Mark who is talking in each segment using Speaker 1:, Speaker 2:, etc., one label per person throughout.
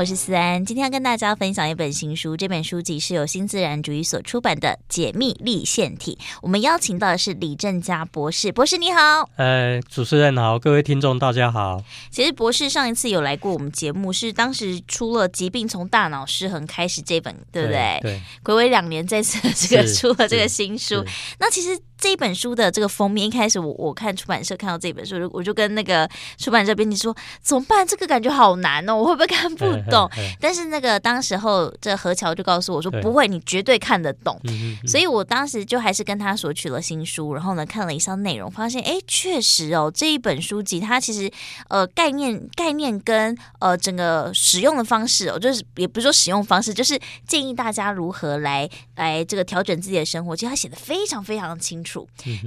Speaker 1: 我是思安，今天要跟大家分享一本新書。這本書籍是由新自然主義所出版的《解密粒線體》。我們邀請到的是李政家博士。博士你好，
Speaker 2: 呃，主持人好，各位聽眾大家好。
Speaker 1: 其實博士上一次有來過我們節目，是當時出了《疾病從大腦失衡開始》這本，對不對？對。暌違兩年，再次這個出了這個新書，那其實。這一本書的這個封面，一開始我我看出版社看到這本書我，我就跟那個出版社編輯說怎麼辦？這個感覺好難哦，我會不會看不懂？欸欸欸、但是那個當時候，這何喬就告訴我說不會，你絕對看得懂、嗯嗯嗯。所以我當時就還是跟他索取了新書，然後呢，看了一下內容，發現哎，確、欸、實哦，這一本書籍它其實呃概念概念跟呃整個使用的方式哦，就是也不是說使用方式，就是建議大家如何來來這個調整自己的生活，其實他寫得非常非常清楚。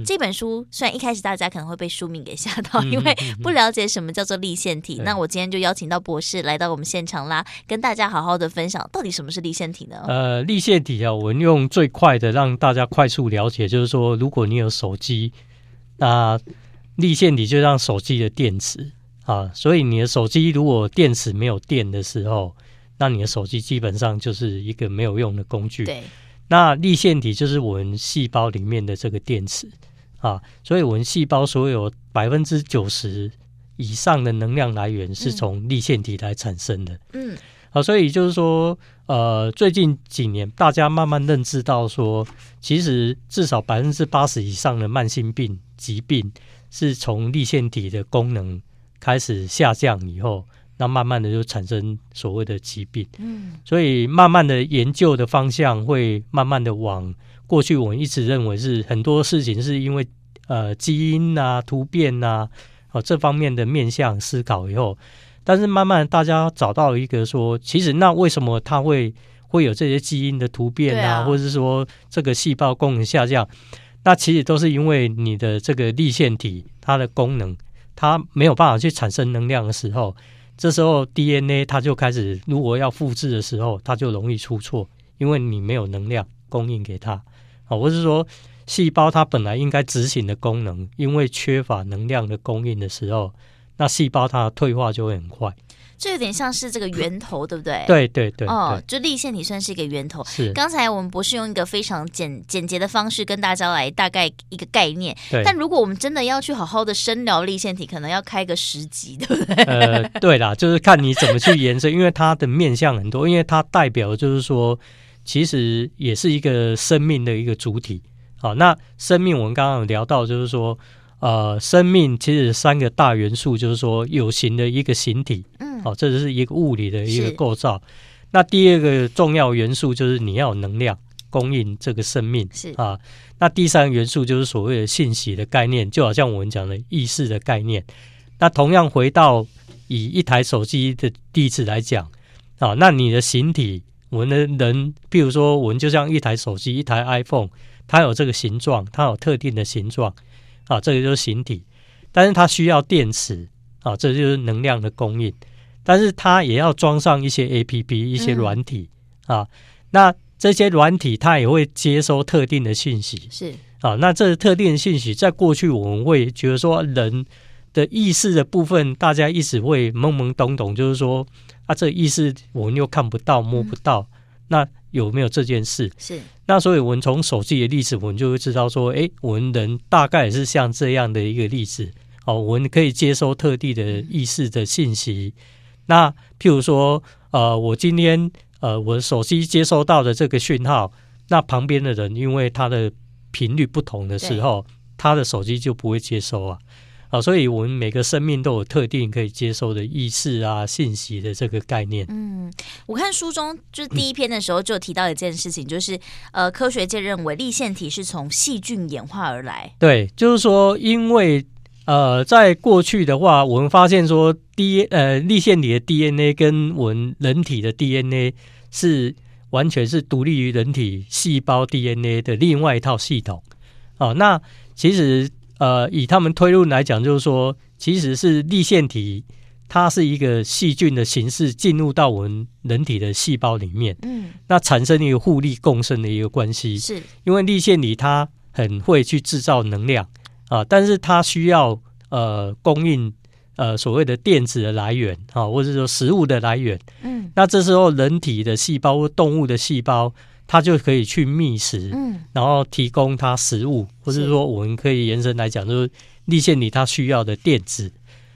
Speaker 1: 這本書雖然一開始大家可能會被書名給嚇到，因為不了解什麼叫做粒線體、嗯嗯。那我今天就邀請到博士來到我們現場啦，跟大家好好的分享到底什麼是粒線體呢？
Speaker 2: 呃，粒線體啊，我用最快的讓大家快速了解，就是說如果你有手機，那、呃、粒線體就像手機的電池啊。所以你的手機如果電池沒有電的時候，那你的手機基本上就是一個沒有用的工具。對。那粒線體就是我們細胞裡面的這個電池啊，所以我們細胞所有百分之九十以上的能量來源是從粒線體來產生的。嗯，好，所以就是說，呃，最近幾年大家慢慢認知到說，說其實至少百分之八十以上的慢性病疾病是從粒線體的功能開始下降以後。那慢慢的就產生所謂的疾病，嗯，所以慢慢的研究的方向會慢慢的往過去，我們一直認為是很多事情是因為呃基因吶、啊、突變吶啊、哦、這方面的面向思考以後，但是慢慢大家找到一個說，其實那為什麼它會會有這些基因的突變啊，啊或者是說這個細胞功能下降，那其實都是因為你的這個粒線體，它的功能它沒有辦法去產生能量的時候。這時候 DNA 它就開始，如果要複製的時候，它就容易出錯，因為你沒有能量供應給它啊，或是說細胞它本來應該執行的功能，因為缺乏能量的供應的時候，那細胞它退化就會很快。
Speaker 1: 這有點像是這個源頭，嗯、對不對？對對對，哦，就粒線體算是一個源頭。是，剛才我們博士用一個非常簡簡潔的方式跟大家來大概一個概念。但如果我們真的要去好好的深聊粒線體，可能要開個十集，對不對？呃、
Speaker 2: 對啦，就是看你怎麼去延伸， 因為它的面向很多，因為它代表的就是說，其實也是一個生命的一個主體。好，那生命我們剛剛有聊到，就是說，呃，生命其實三個大元素，就是說有形的一個形體。嗯。哦，這就是一個物理的一個構造。那第二個重要元素就是你要有能量供應，這個生命。是啊。那第三個元素就是所謂的信息的概念，就好像我們講的意識的概念。那同樣回到以一台手機的地址來講啊，那你的形體，我們的人，比如說我們就像一台手機，一台 iPhone，它有這個形狀，它有特定的形狀啊，這個就是形體。但是它需要電池啊，這就是能量的供應。但是它也要裝上一些 A P P 一些軟體、嗯、啊，那這些軟體它也會接收特定的信息是啊，那這個特定的信息在過去我們會覺得說人的意識的部分大家一直會懵懵懂懂，就是說啊，這個、意識我們又看不到摸不到、嗯，那有沒有這件事？是，那所以我們從手機的例子，我們就會知道說，哎、欸，我們人大概也是像這樣的一個例子哦、啊，我們可以接收特定的意識的信息。嗯那譬如說，呃，我今天，呃，我手機接收到的這個訊號，那旁邊的人因為他的頻率不同的時候，他的手機就不會接收啊，啊、呃，所以我們每個生命都有特定可以接收的意識啊信息的這個概念。
Speaker 1: 嗯，我看書中就是第一篇的時候就提到一件事情，嗯、就是呃，科學界認為粒線體是從細菌演化而來。
Speaker 2: 對，就是說因為。呃，在過去的話，我們發現說，D 呃，粒線體的 DNA 跟我們人體的 DNA 是完全是獨立於人體細胞 DNA 的另外一套系統。啊、哦，那其實呃，以他們推論來講，就是說，其實是粒線體它是一個細菌的形式進入到我們人體的細胞裡面。嗯，那產生一個互利共生的一個關係，是因為粒線體它很會去製造能量。啊，但是它需要呃供應呃所謂的電子的來源啊，或者說食物的來源。嗯，那這時候人體的細胞或動物的細胞，它就可以去覓食，嗯，然後提供它食物，或是說我們可以延伸來講，就是粒線體它需要的電子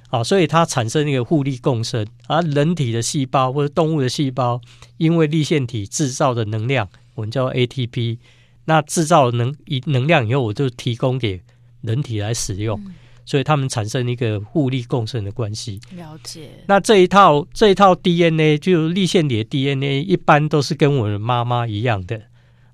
Speaker 2: 啊，所以它產生一個互利共生。而、啊、人體的細胞或者動物的細胞，因為粒線體制造的能量，我們叫 ATP，那制造能一能量以後，我就提供給。人體來使用，所以他們產生一個互利共生的關係。了解。那這一套這一套 DNA 就是粒線體的 DNA 一般都是跟我的媽媽一樣的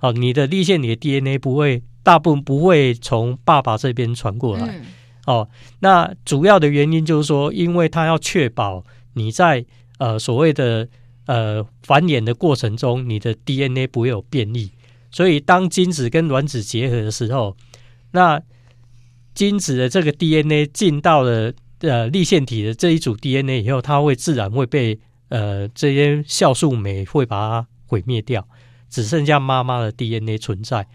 Speaker 2: 哦。你的粒線體的 DNA 不會大部分不會從爸爸這邊傳過來、嗯、哦。那主要的原因就是說，因為它要確保你在呃所謂的呃繁衍的過程中，你的 DNA 不會有變異。所以當精子跟卵子結合的時候，那精子的這個 DNA 進到了呃粒線體的這一組 DNA 以後，它會自然會被呃這些酵素酶會把它毀滅掉，只剩下媽媽的 DNA 存在。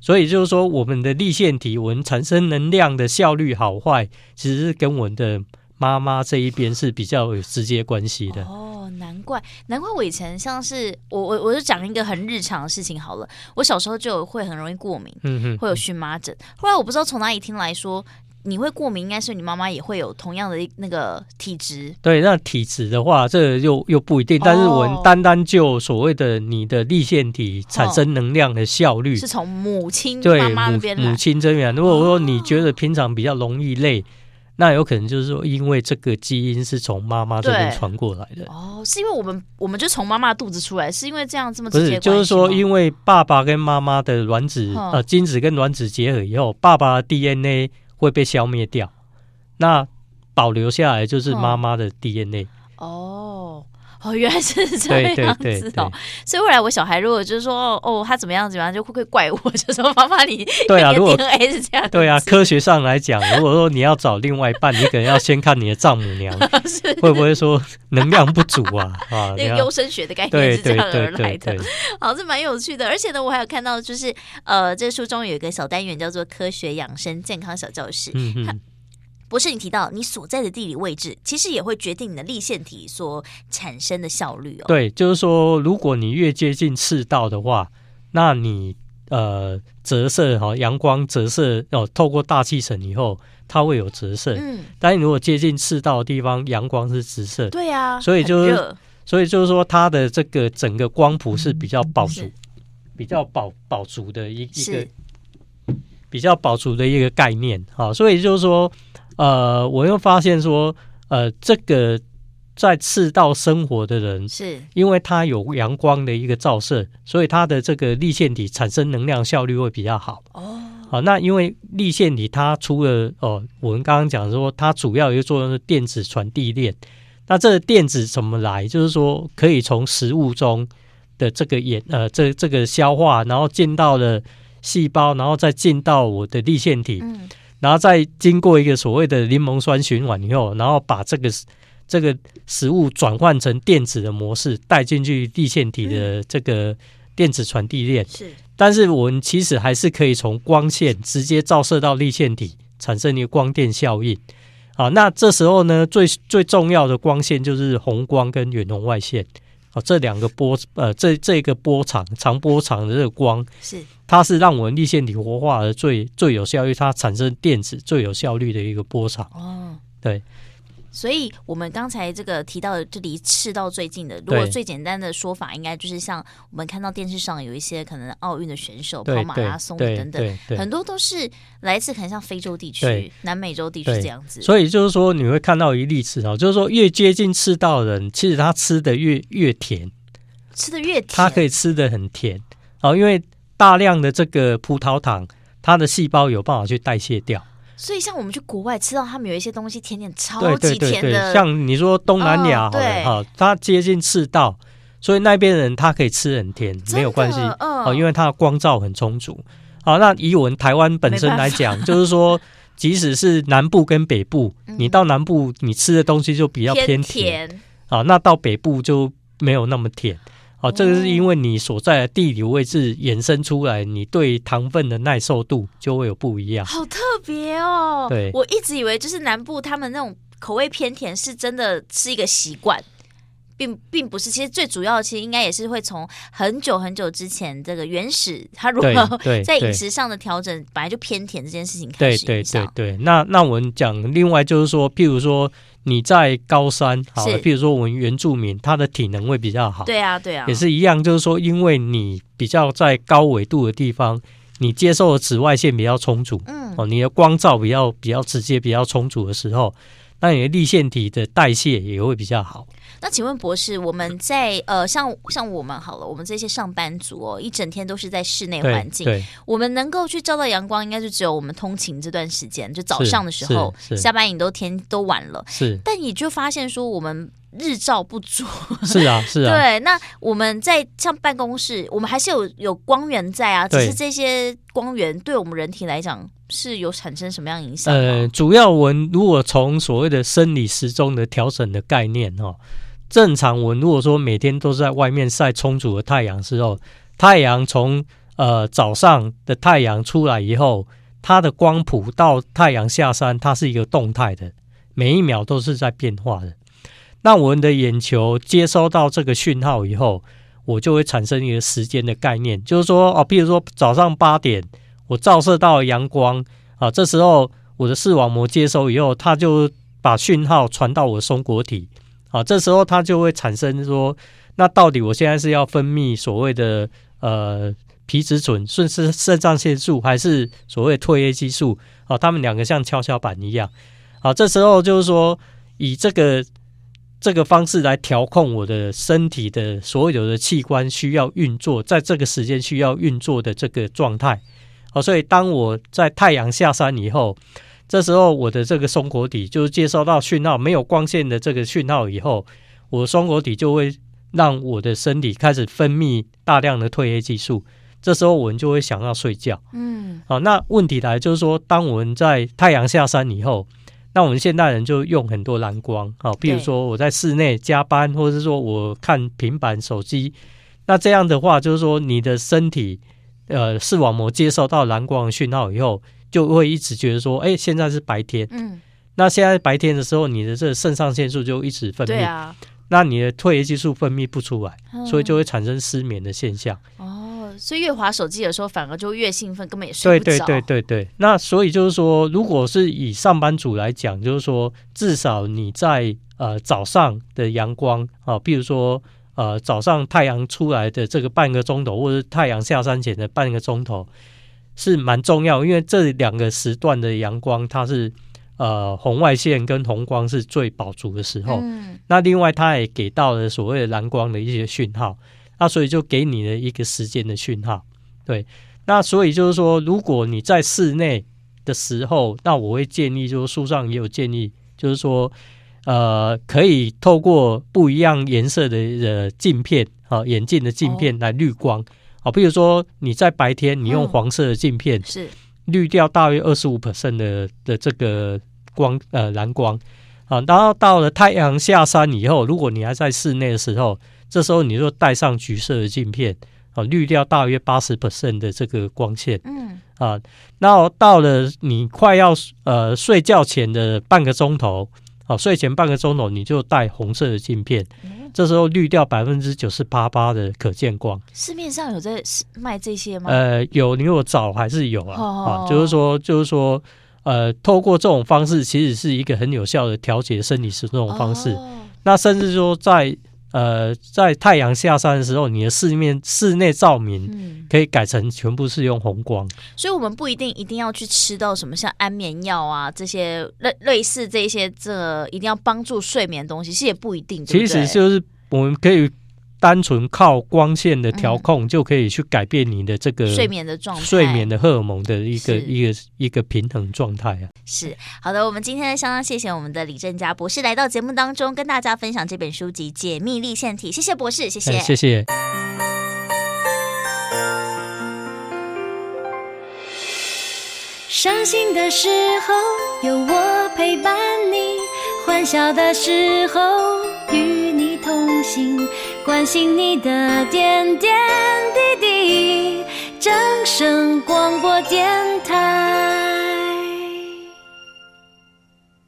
Speaker 2: 所以就是說，我們的粒線體我們產生能量的效率好壞，其實是跟我們的。媽媽這一邊是比較有直接關係的
Speaker 1: 哦，難怪難怪，我以前像是我我我就講一個很日常的事情好了，我小時候就會很容易過敏，嗯哼，會有蕁麻疹。後來我不知道從哪裡聽來說，你會過敏應該是你媽媽也會有同樣的那個體質。
Speaker 2: 對，那體質的話，這個、又又不一定。但是我們單單就所謂的你的粒線體產生能量的效率，哦、是
Speaker 1: 從母親媽媽那邊母，母
Speaker 2: 親這邊，如果說你覺得平常比較容易累。哦那有可能就是說，因為這個基因是從媽媽這邊傳過來的。
Speaker 1: 哦，是因為我們我們就從媽媽肚子出來，是因為這樣這麼直接的關係嗎？不是，就是說，因
Speaker 2: 為爸爸跟媽媽的卵子、嗯、呃，精子跟卵子結合以後，爸爸的 DNA 會被消滅掉，那保留下來就是媽媽的 DNA。嗯、哦。
Speaker 1: 哦，原來是這樣子的、哦，所以後來我小孩如果就是說哦，他怎麼樣怎麼樣，就會不會怪我？就說媽媽你，你對啊，如果 DNA 是這樣，對啊，
Speaker 2: 科學上來講，如果說你要找另外一半， 你可能要先看你的丈母娘，
Speaker 1: 是會不
Speaker 2: 會說能量不足啊？ 啊，那個優
Speaker 1: 生學的概念是這樣而來的，好，這蠻有趣的。而且呢，我還有看到就是呃，這書中有一個小單元叫做科學養生健康小教室。嗯不是你提到你所在的地理位置，其實也會決定你的粒線體所產生的效率哦。對，
Speaker 2: 就是說，如果你越接近赤道的話，那你呃折射哈、哦、陽光折射哦，透過大氣層以後，它會有折射。嗯。但如果接近赤道的地方，陽光是直射。對啊，所以就是，所以就是說，它的這個整個光譜是比較飽足，嗯，比較飽飽足的一個一個，比較飽足的一個概念啊，哦。所以就是說。呃，我又發現說，呃，這個在赤道生活的人，是因為它有陽光的一個照射，所以它的這個粒線體產生能量效率會比較好。哦，好、啊，那因為粒線體它除了哦、呃，我們剛剛講說它主要一個作用是電子傳遞鏈，那這個電子怎麼來？就是說可以從食物中的這個呃，這這個消化，然後進到了細胞，然後再進到我的粒線體。嗯然後再經過一個所謂的檸檬酸循環以後，然後把這個這個食物轉換成電子的模式，帶進去粒線體的這個電子傳遞鏈。嗯。是，但是我們其實還是可以從光線直接照射到粒線體，產生一個光電效應。啊，那這時候呢，最最重要的光線就是紅光跟遠紅外線。哦，這兩個波，呃，這這個波長，長波長的這個光，是，它是讓我們粒線體活化而最最有效率，它產生電子最有效率的一個波長。哦，對。
Speaker 1: 所以我們剛才這個提到的，就離赤道最近的，如果最簡單的說法，應該就是像我們看到電視上有一些可能奧運的選手跑馬拉松等等，很多都是來自可能像非洲地區、南美洲地區這樣子。所以
Speaker 2: 就是說，你會看到一例赤道、哦，就是說越接近赤道的人，其實他吃的越越甜，
Speaker 1: 吃的越甜，他可
Speaker 2: 以吃的很甜哦，因為大量的這個葡萄糖，它的細胞有辦法去代謝掉。
Speaker 1: 所以，像我們去國外吃到他們有一些東西甜甜，甜點超級甜的。對對對對。像
Speaker 2: 你說東南亞，哈、呃，它接近赤道，所以那邊人他可以吃很甜，沒有關係、呃，因為它的光照很充足。好，那以我們台灣本身來講，就是說，即使是南部跟北部、嗯，你到南部你吃的東西就比較偏甜，啊，那到北部就沒有那麼甜。哦，這個是因為你所在的地理位置衍生出來，你對糖分的耐受度就會有不一樣。好
Speaker 1: 特別哦！對，我一直以為就是南部他們那種口味偏甜，是真的是一個習慣，并並不是。其實最主要的，其實應該也是會從很久很久之前這個原始它如何在飲食上的調整，本來就偏甜這件事情開始。對
Speaker 2: 對對對,對,對，那那我們講另外就是說，譬如說。你在高山，好了，譬如說我們原住民，他的體能會比較好。對啊，對啊，也是一樣，就是說，因為你比較在高緯度的地方，你接受的紫外線比較充足，嗯，哦，你的光照比較比較直接、比較充足的時候。那你的粒線體的代謝也會比較好。
Speaker 1: 那請問博士，我們在呃，像像我們好了，我們這些上班族哦，一整天都是在室內環境。對，對，我們能夠去照到陽光，應該就只有我們通勤這段時間，就早上的時候，下班也都天都晚了。是，但你就發現說我們。日照不足。 是
Speaker 2: 啊是啊，對。
Speaker 1: 那我們在像辦公室，我們還是有有光源在啊，只是這些光源對我們人體來講是有產生什麼樣影
Speaker 2: 響？呃，主要我們如果從所謂的生理時鐘的調整的概念哦，正常我們如果說每天都是在外面曬充足的太陽的時候，太陽從呃早上的太陽出來以後，它的光譜到太陽下山，它是一個動態的，每一秒都是在變化的。那我們的眼球接收到這個訊號以後，我就會產生一個時間的概念，就是說，哦、啊，比如說早上八點，我照射到陽光，啊，這時候我的視網膜接收以後，它就把訊號傳到我松果體，啊，這時候它就會產生說，那到底我現在是要分泌所謂的呃皮質醇，或是腎上腺素，還是所謂褪黑激素？啊，它們兩個像蹺蹺板一樣，啊，這時候就是說以這個。這個方式來調控我的身體的所有的器官需要運作，在這個時間需要運作的這個狀態。好，所以當我在太陽下山以後，這時候我的這個松果體就是接收到訊號，沒有光線的這個訊號以後，我的松果體就會讓我的身體開始分泌大量的褪黑激素。這時候我們就會想要睡覺。嗯，好，那問題來就是說，當我們在太陽下山以後。那我們現代人就用很多藍光，好，比如說我在室內加班，或者是說我看平板手機，那這樣的話，就是說你的身體，呃，視網膜接收到藍光的訊號以後，就會一直覺得說，哎，現在是白天。嗯。那現在白天的時候，你的這個腎上腺素就一直分泌，對啊、那你的褪黑激素分泌不出來，所以就會產生失眠的現象。
Speaker 1: 嗯、哦。所以越滑手機的時候，反而就越興奮，根本也睡不著。對對對對
Speaker 2: 對。那所以就是說，如果是以上班族來講，就是說，至少你在呃早上的陽光啊、呃，比如說呃早上太陽出來的這個半個鐘頭，或者太陽下山前的半個鐘頭，是蠻重要，因為這兩個時段的陽光，它是呃紅外線跟紅光是最飽足的時候。嗯。那另外，它也給到了所謂的藍光的一些訊號。那所以就給你了一個時間的訊號，對。那所以就是說，如果你在室內的時候，那我會建議，就書上也有建議，就是說，呃，可以透過不一樣顏色的呃鏡片啊、呃，眼鏡的鏡片來濾光啊。哦、比如說你在白天，你用黃色的鏡片，嗯、是濾掉大約二十五%的的這個光呃藍光。啊、然後到了太陽下山以後，如果你還在室內的時候，這時候你就戴上橘色的鏡片，啊，濾掉大約八十%的這個光線。嗯。啊，那到了你快要呃睡覺前的半個鐘頭，啊、睡前半個鐘頭你就戴紅色的鏡片，嗯、這時候濾掉百分之九十八八的可見光。
Speaker 1: 市面上有在賣這些嗎？呃，
Speaker 2: 有，你如果找還是有啊、哦，啊，就是說，就是說。呃，透過這種方式，其實是一個很有效的調節生理時鐘的方式，哦。那甚至說在，呃，在呃在太陽下山的時候，你的室面室內照明可以改成全部是用紅光。
Speaker 1: 嗯、所以，我們不一定一定要去吃到什麼像安眠藥啊這些類類似這些這一定要幫助睡眠的東西，其實也不一定對不對？其實就
Speaker 2: 是我們可以。單純靠光線的調控就可以去改變你的這個、嗯、睡眠的狀態、睡眠的荷爾蒙的一個一個一個平衡狀態啊。
Speaker 1: 是好的，我們今天相當謝謝我們的李政家博士來到節目當中跟大家分享這本書籍《解密粒線體》，謝謝博士，謝謝、嗯、謝
Speaker 2: 謝。傷心的時候有我陪伴你，
Speaker 1: 歡笑的時候與你同行。關心你的點點滴滴，正聲廣播電台。